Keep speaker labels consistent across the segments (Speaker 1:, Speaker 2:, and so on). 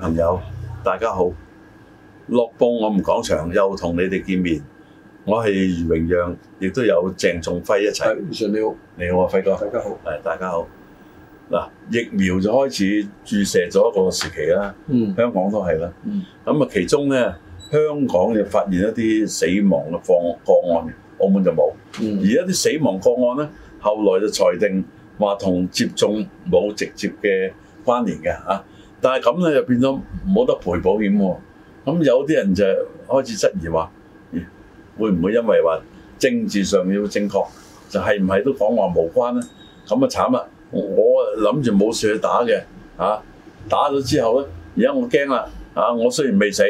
Speaker 1: 朋友，大家好！樂報我唔講場，又同你哋見面，我係余榮陽，亦都有鄭仲輝一齊。係唔少你好，你好啊，輝哥，大家好，係大家好。嗱，疫苗就開始注射咗一個時期啦，香港都係啦。咁啊，其中咧，香港就發現一啲死亡嘅個個案，澳門就冇。而一啲死亡個案咧，後嚟就裁定話同接種冇直接嘅關聯嘅吓。但係咁咧，就變咗冇得賠保險喎。咁有啲人就開始質疑話：會唔會因為話政治上要正確，就係唔係都講話無關呢？咁啊慘啦！我諗住冇事去打嘅，啊打咗之後呢，而家我驚啦！啊我雖然未死，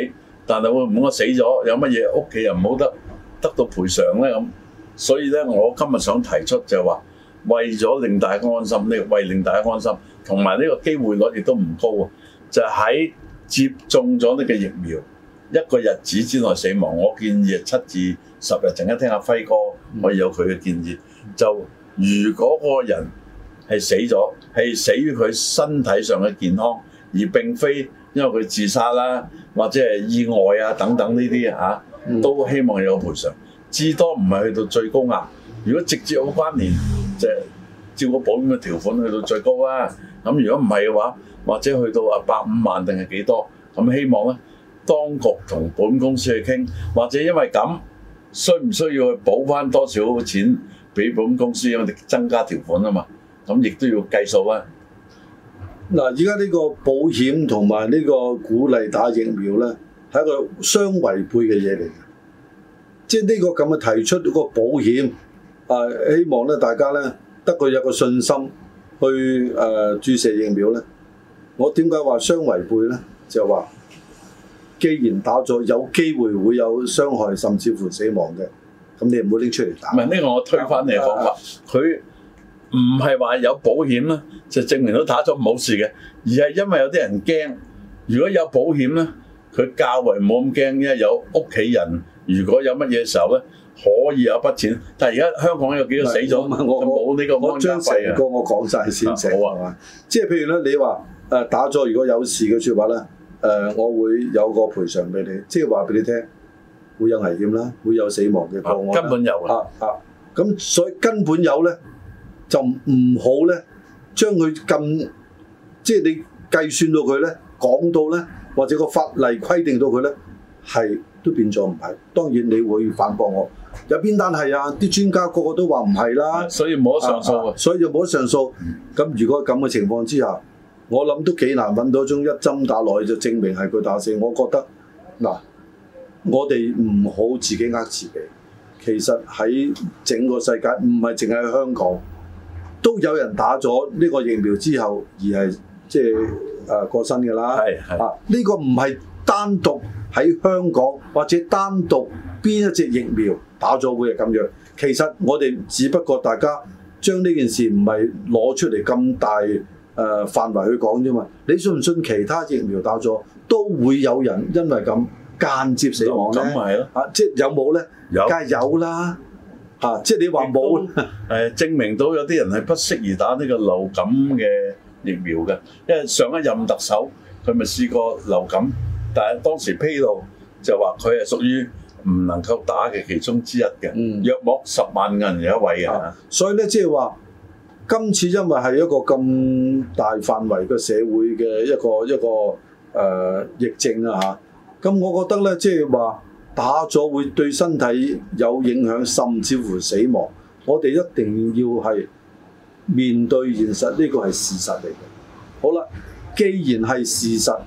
Speaker 1: 但係會唔會我死咗，有乜嘢屋企人唔好得得到賠償呢？咁。所以呢，我今日想提出就係話，為咗令大家安心，呢為令大家安心，同埋呢個機會率亦都唔高就喺接種咗呢個疫苗一個日子之內死亡，我建議七至十日，陣間聽阿輝哥，我有佢嘅建議。就如果個人係死咗係死於佢身體上嘅健康，而並非因為佢自殺啦或者係意外啊等等呢啲嚇，都希望有賠償，至多唔係去到最高額。如果直接好關聯，就照個保險嘅條款去到最高啦。咁如果唔係嘅話，或者去到啊百五萬定係幾多？咁希望咧，當局同本公司去傾，或者因為咁，需唔需要去補翻多少錢俾本公司？因為增加條款啊嘛，咁亦都要計數啊。嗱，而家呢個保險同埋呢個鼓勵打疫苗咧，係一
Speaker 2: 個相違背嘅嘢嚟嘅，即係呢個咁嘅提出個保險，啊希望咧大家咧得佢有個信心。去、呃、注射疫苗咧，我點解話相違背咧？就話既然打咗，有機會會有傷害，甚至乎死亡嘅，咁你唔好拎出嚟打。唔係呢個，我
Speaker 1: 推翻嚟講話。佢唔係話有保險啦，就證明到打咗冇事嘅，而係因為有啲人驚，如果有保險咧，佢較為冇咁驚，因為有屋企人，如果有乜嘢時候咧。可以有筆錢，但係而家香港有幾多死咗 啊？我冇呢個，我將成個我
Speaker 2: 講晒先成，
Speaker 1: 好啊嘛！即係
Speaker 2: 譬如咧，你話誒打咗，如果有事嘅説話咧，誒、呃、我會有個賠償俾你，即係話俾你聽，會有危險啦，會有死亡嘅個案、啊，根本
Speaker 1: 有啊！啊
Speaker 2: 咁，所以根本有咧，就唔好咧，將佢咁即係你計算到佢咧，講到咧，或者個法例規定到佢咧，係。都變咗唔係，當然你會反駁我。有邊單係啊？啲專家個個都話唔係啦，所以冇得上訴，所以就冇得上訴。咁，嗯，如果咁嘅情況之下，我諗都幾難揾到一種一針打落去就證明係佢打死。我覺得嗱，我哋唔好自己呃自己。其實喺整個世界，唔係淨係香港都有人打咗呢個疫苗之後而係即係誒過身嘅啦。係係啊，呢個唔係單獨。喺香港或者單獨邊一隻疫苗打咗會係咁樣，其實我哋只不過大家將呢件事唔係攞出嚟咁大誒範圍去講啫嘛。你信唔信其他疫苗打咗都會有人因為咁
Speaker 1: 間接死亡咧？咁咪係咯，啊即係有冇咧？有梗係有啦，啊即係你話冇誒？證明到有啲人係不適宜打呢個流感嘅疫苗嘅，因為上一任特首佢咪試過流感。但係當時披露就話佢係屬於唔能夠打嘅其中之一嘅，約莫十萬銀有一位嘅、嗯，
Speaker 2: 所以咧即係話今次因為係一個咁大範圍嘅社會嘅一個一個誒、呃、疫症啊嚇，咁我覺得咧即係話打咗會對身體有影響，甚至乎死亡，我哋一定要係面對現實，呢個係事實嚟嘅。好啦，既然係事實。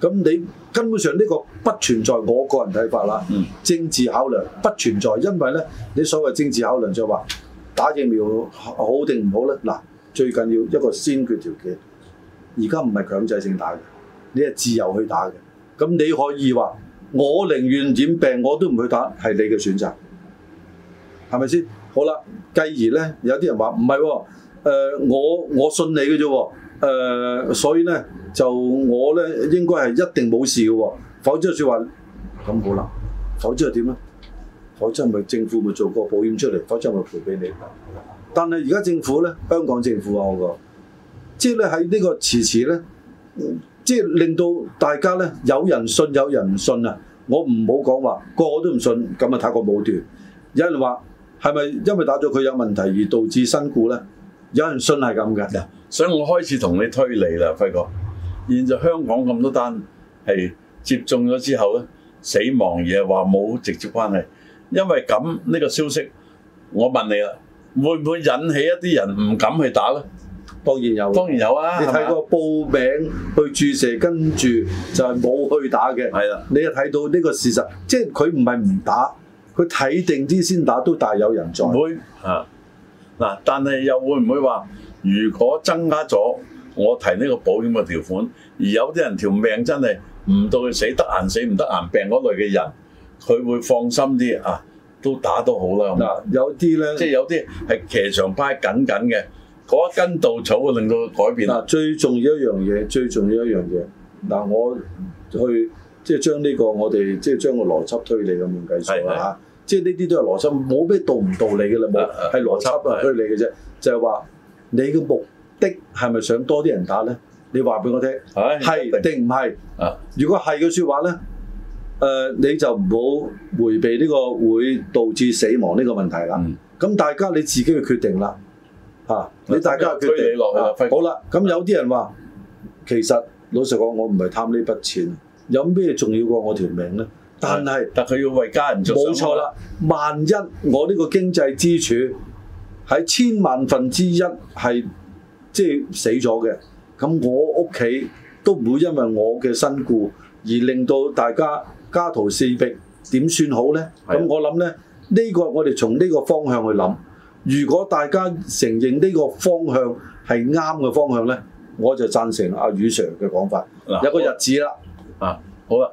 Speaker 2: 咁你根本上呢個不存在，我個人睇法啦。嗯、政治考量不存在，因為咧，你所謂政治考量就話打疫苗好定唔好咧？嗱，最緊要一個先決條件，而家唔係強制性打嘅，你係自由去打嘅。咁你可以話，我寧願染病我都唔去打，係你嘅選擇，係咪先？好啦，繼而咧，有啲人話唔係喎，誒我我信你嘅啫喎。誒、呃，所以咧就我咧應該係一定冇事嘅喎、哦，否則話說話咁好啦，否則又點咧？否則咪政府咪做個保險出嚟，否則咪賠俾你。但係而家政府咧，香港政府啊，我講，即係咧喺呢個遲遲咧，即係令到大家咧有人信有人唔信啊！我唔好講話個個都唔信，咁啊太過武斷。有人話係咪因為
Speaker 1: 打咗佢有問題而導致身故咧？有人信係咁㗎。所以我開始同你推理啦，輝哥。現在香港咁多單係接種咗之後咧，死亡嘢話冇直接關係，因為咁呢個消息，我問你啦，會唔會引起一啲人唔敢去打咧？當然有，當然有啊。你睇過報名吧去注射，跟住就係冇去打嘅。係啦的，你又睇到
Speaker 2: 呢個事實，即係佢唔係唔打，佢睇定啲先打，都大有人在。會
Speaker 1: 啊，嗱，但係又會唔會話？如果增加咗我提呢個保險嘅條款，而有啲人條命真係唔到佢死，得癌死唔得癌病嗰類嘅人，佢會放心啲啊，都打都好啦。嗱、啊，有啲咧，即係有啲係騎場派緊緊嘅，嗰一根稻草會令到佢改變。嗱、啊，最
Speaker 2: 重要一樣嘢，最重要一樣嘢。嗱、啊，我去即係將呢個我哋即係將個邏輯推理咁樣計數啦，即係呢啲都係邏輯，冇咩道唔道理嘅啦，冇係邏輯推理嘅啫，就係、是、話。你嘅目的係咪想多啲人打咧？你話俾我聽，係定唔係？啊！如果係嘅説話咧，誒你就唔好迴避呢個會導致死亡呢個問題啦。咁大家你自己去決定啦，嚇！你大家決定落去。好啦，咁有啲人話，其實老實講，我唔係貪呢筆錢，有咩重要過我條命咧？但係，但佢要為家人做。冇錯啦，萬一我呢個經濟支柱。喺千萬分之一係即係死咗嘅，咁我屋企都唔會因為我嘅身故而令到大家家徒四壁，點算好呢？咁是的 我諗呢，呢、呢個我哋從呢個方向去諗。如果大家承認呢個方向係啱嘅方向呢，我就
Speaker 1: 贊成阿宇 Sir 嘅講法。有、啊、個日子啦，啊好啦，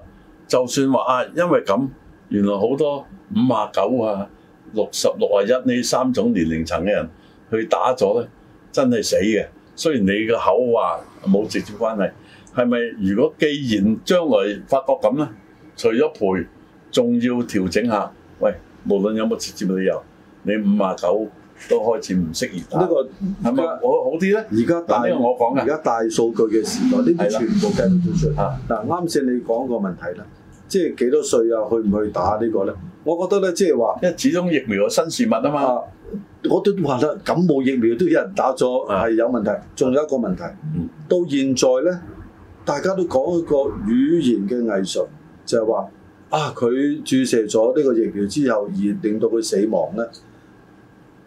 Speaker 1: 就算話啊，因為咁原來好多五啊九啊。六十六啊一呢三種年齡層嘅人去打咗咧，真係死嘅。雖然你個口話冇直接關係，係咪？如果既然將來發覺咁咧，除咗賠，仲要調整下。喂，無論有冇直接理由，你五啊九都開始唔適宜打。呢、呢個係咪吧我好啲咧？而家大，因為我講嘅而家大
Speaker 2: 數據嘅時代，呢啲全部計到出嚟。嗱的，啱先、啊、你講個問題啦。即係幾多歲啊？去唔去打呢個呢？我覺得呢，即係話，因為始終疫苗係新事物啊嘛、啊。我都話啦，感冒疫苗都有人打咗係有問題。仲有一個問題，到現在呢，大家都講一個語言嘅藝術，就係、係、話啊，佢注射咗呢個疫苗之後而令到佢死亡呢。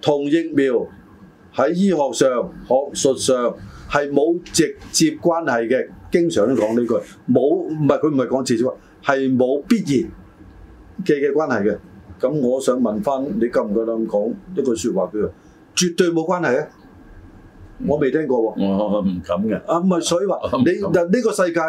Speaker 2: 同疫苗喺醫學上學術上。係冇直接關係嘅，經常都講呢句，冇唔係佢唔係講直接喎，係冇必然嘅嘅關係嘅。咁我想問翻你夠唔夠膽講一句説話叫做絕對冇關係咧？我未聽過喎。我唔敢嘅。啊唔係，所以話你嗱呢個世界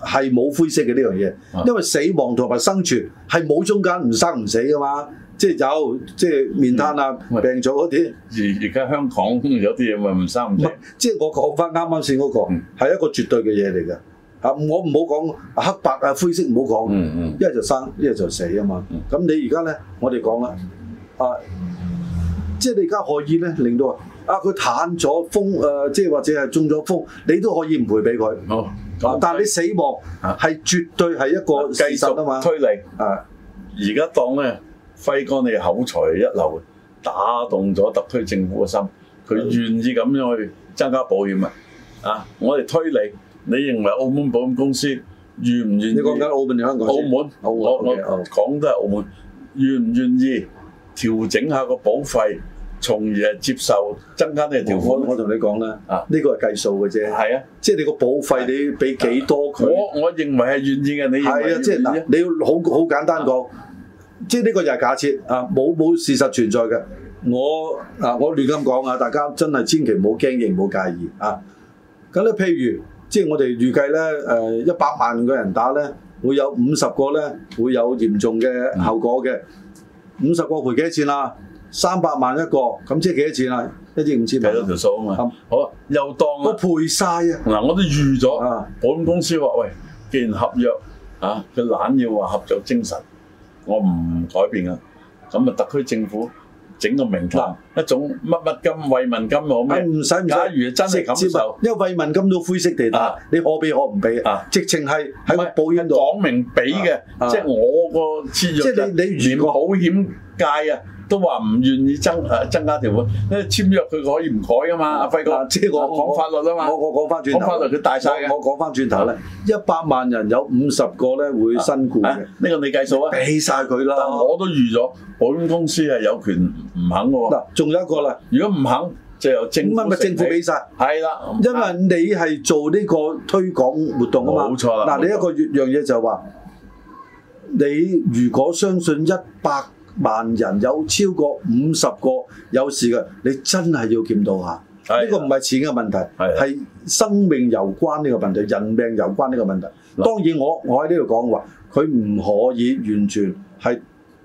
Speaker 2: 係冇灰色嘅呢樣嘢，因為死亡同埋生存係冇中間，唔生唔死㗎嘛。即係有，即係面癱啊，嗯、病咗嗰啲。而而家香港有啲嘢咪唔生唔死？即係我講翻啱啱先嗰個，係、嗯、一個絕對嘅嘢嚟嘅。嚇，我唔好講黑白啊、灰色，唔好講。嗯嗯。一、嗯、係就生，一係就死啊嘛。咁、嗯、你而家咧，我哋講啦。啊，即係你而家可以咧，令到啊佢癱咗風誒、啊，即係或者係中咗風，你都可
Speaker 1: 以唔賠俾佢。好、哦。就是、但係你死亡係絕對係一個事實啊嘛。啊推理。啊，而家當咧。揮幹你嘅口才一流，打動咗特區政府嘅心，佢願意咁樣去增加保險啊！啊，我哋推理你，你認為澳門保險公司願唔願意？你講緊澳門定香港？澳門，澳門我我講都係澳門，願唔願意調整下個保費，從而係接受增加你條款？我同你講啦，呢個係計數嘅啫。係啊，
Speaker 2: 即係你個保費，你俾幾多佢？我我認為係願意嘅。你認為係啊？即係嗱，你要好好簡單講。即係呢個又係假設啊，冇冇事實存在嘅。我啊，我亂咁講啊，大家真係千祈唔好驚認，唔好介意啊。咁咧，譬如即係我哋預計咧，誒一百萬個人打咧，會有五十個咧會有嚴重嘅後果嘅。五十、嗯、個賠幾多錢啦，啊？三百萬一個，
Speaker 1: 咁即係幾多錢啊？一億五千萬。係咯，條數啊嘛。好，又當我賠晒啊！嗱，我都預咗啊，保險公司話喂，既然合約啊，佢懶要話合作精神。我唔改變啊。咁啊特區政府整個名堂一種乜乜金、慰問金，唔使唔假如真係感受接，因為慰問金都灰色地帶，啊、你可俾可唔俾，啊、直情係喺個保險度講明俾嘅，啊啊、即係我個，啊啊、即係你你如果保險界啊。都話唔願意增誒增加條款，因為簽約佢可以唔改㗎嘛。阿輝哥即係我講法律啊嘛。我我講翻轉頭，我，法律佢
Speaker 2: 大曬，我講翻轉頭咧，一百萬人有五十個咧會身故嘅。呢個你
Speaker 1: 計數啊？俾晒佢啦，我都預咗保險公司係有權唔肯喎。嗱，仲有一個啦，如果唔肯，就由整政府俾晒。係啦，因為你係做
Speaker 2: 呢個推廣活動啊嘛。冇錯啦。嗱，你一個月樣嘢就話，你如果相信一百。萬人有超過五十個有事嘅，你真係要檢討下。呢的個唔係錢嘅問題，係的生命有關呢個問題，人命有關呢個問題。的當然我我喺呢度講話，佢唔可以完全係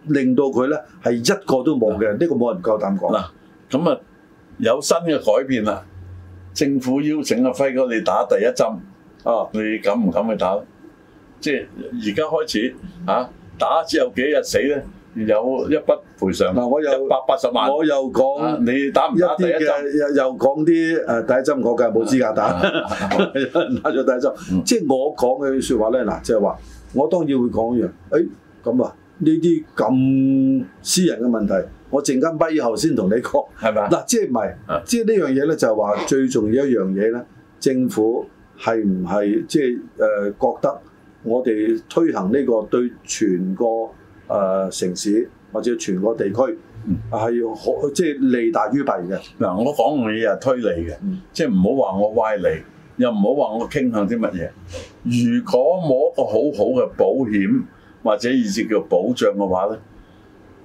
Speaker 2: 令到佢咧係一個都冇嘅，呢的個冇人夠膽講。嗱，
Speaker 1: 咁啊有新嘅改變啦，政府邀請阿輝哥你打第一針，啊你敢唔敢去打？即係而家開始嚇、啊、打之後幾日死咧？有一筆賠償嗱，我又百八十萬，我又講你打唔打第一針一些
Speaker 2: 又又講啲誒第一針我嘅冇資格打、啊，咗第一針、嗯、即係我講嘅說的話咧，嗱就係話，我當然會講一、哎、樣。誒咁啊，呢啲咁私人嘅問題，我陣間畢以後先同你講，係咪嗱，即係唔係？即係呢樣嘢咧，就係話最重要一樣嘢咧，政府係唔係即係覺得我哋推行呢個對全
Speaker 1: 個？誒、呃、城市或者全個地區係好即係利大於弊嘅嗱、嗯，我講嘅嘢係推理嘅，嗯、即係唔好話我歪理，又唔好話我傾向啲乜嘢。如果冇一個好好嘅保險或者意思叫保障嘅話咧，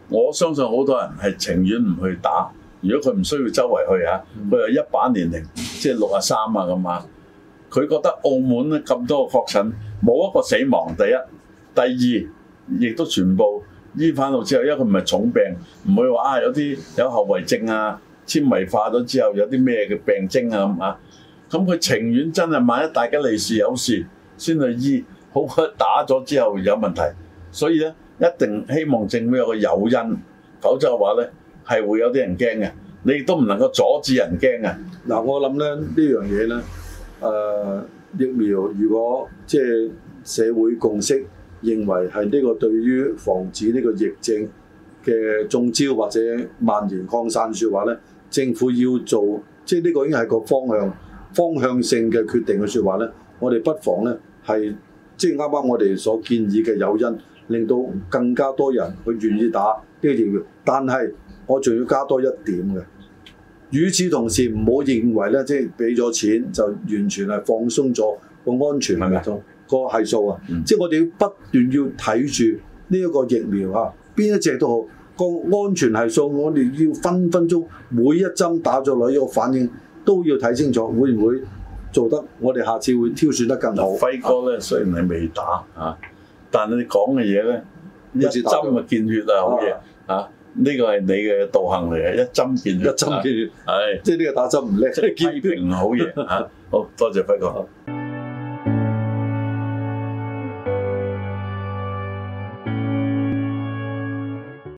Speaker 1: 我相信好多人係情願唔去打。如果佢唔需要周圍去嚇，佢又一把年齡，即係六啊三啊咁啊，佢覺得澳門咧咁多個確診冇一個死亡，第一，第二。亦都全部醫翻到之後，因為佢唔係重病，唔會話啊有啲有後遺症啊、纖維化咗之後有啲咩嘅病徵啊咁啊。咁佢情願真係萬一大家利是有事先去醫，好過打咗之後有問題。所以咧，一定希望政府有個誘因，否則嘅話咧係會有啲人驚嘅。你亦都唔能夠阻止人驚嘅。嗱，我諗咧呢樣嘢咧，誒
Speaker 2: 疫苗如果即係社會共識。認為係呢個對於防止呢個疫症嘅中招或者蔓延擴散説話呢，政府要做，即係呢個已經係個方向，方向性嘅決定嘅説話呢。我哋不妨呢係即係啱啱我哋所建議嘅誘因，令到更加多人佢願意打呢、這個疫苗。但係我仲要加多一點嘅。與此同時，唔好認為呢，即係俾咗錢就完全係放鬆咗個安全嘅通。個係數啊，即係我哋要不斷要睇住呢一個疫苗啊，邊一隻都好個安全係數，我哋要分分鐘每一針打咗落去個反應都要睇清楚，會唔會做得我哋下
Speaker 1: 次會挑選得更好？輝哥咧，雖然你未打嚇，但係你講嘅嘢咧，一針咪見血啊，好嘢嚇！呢個係你嘅道行嚟嘅，一針見一針見血，係即係呢個打針唔叻，即係見血唔好嘢嚇。好多謝輝哥。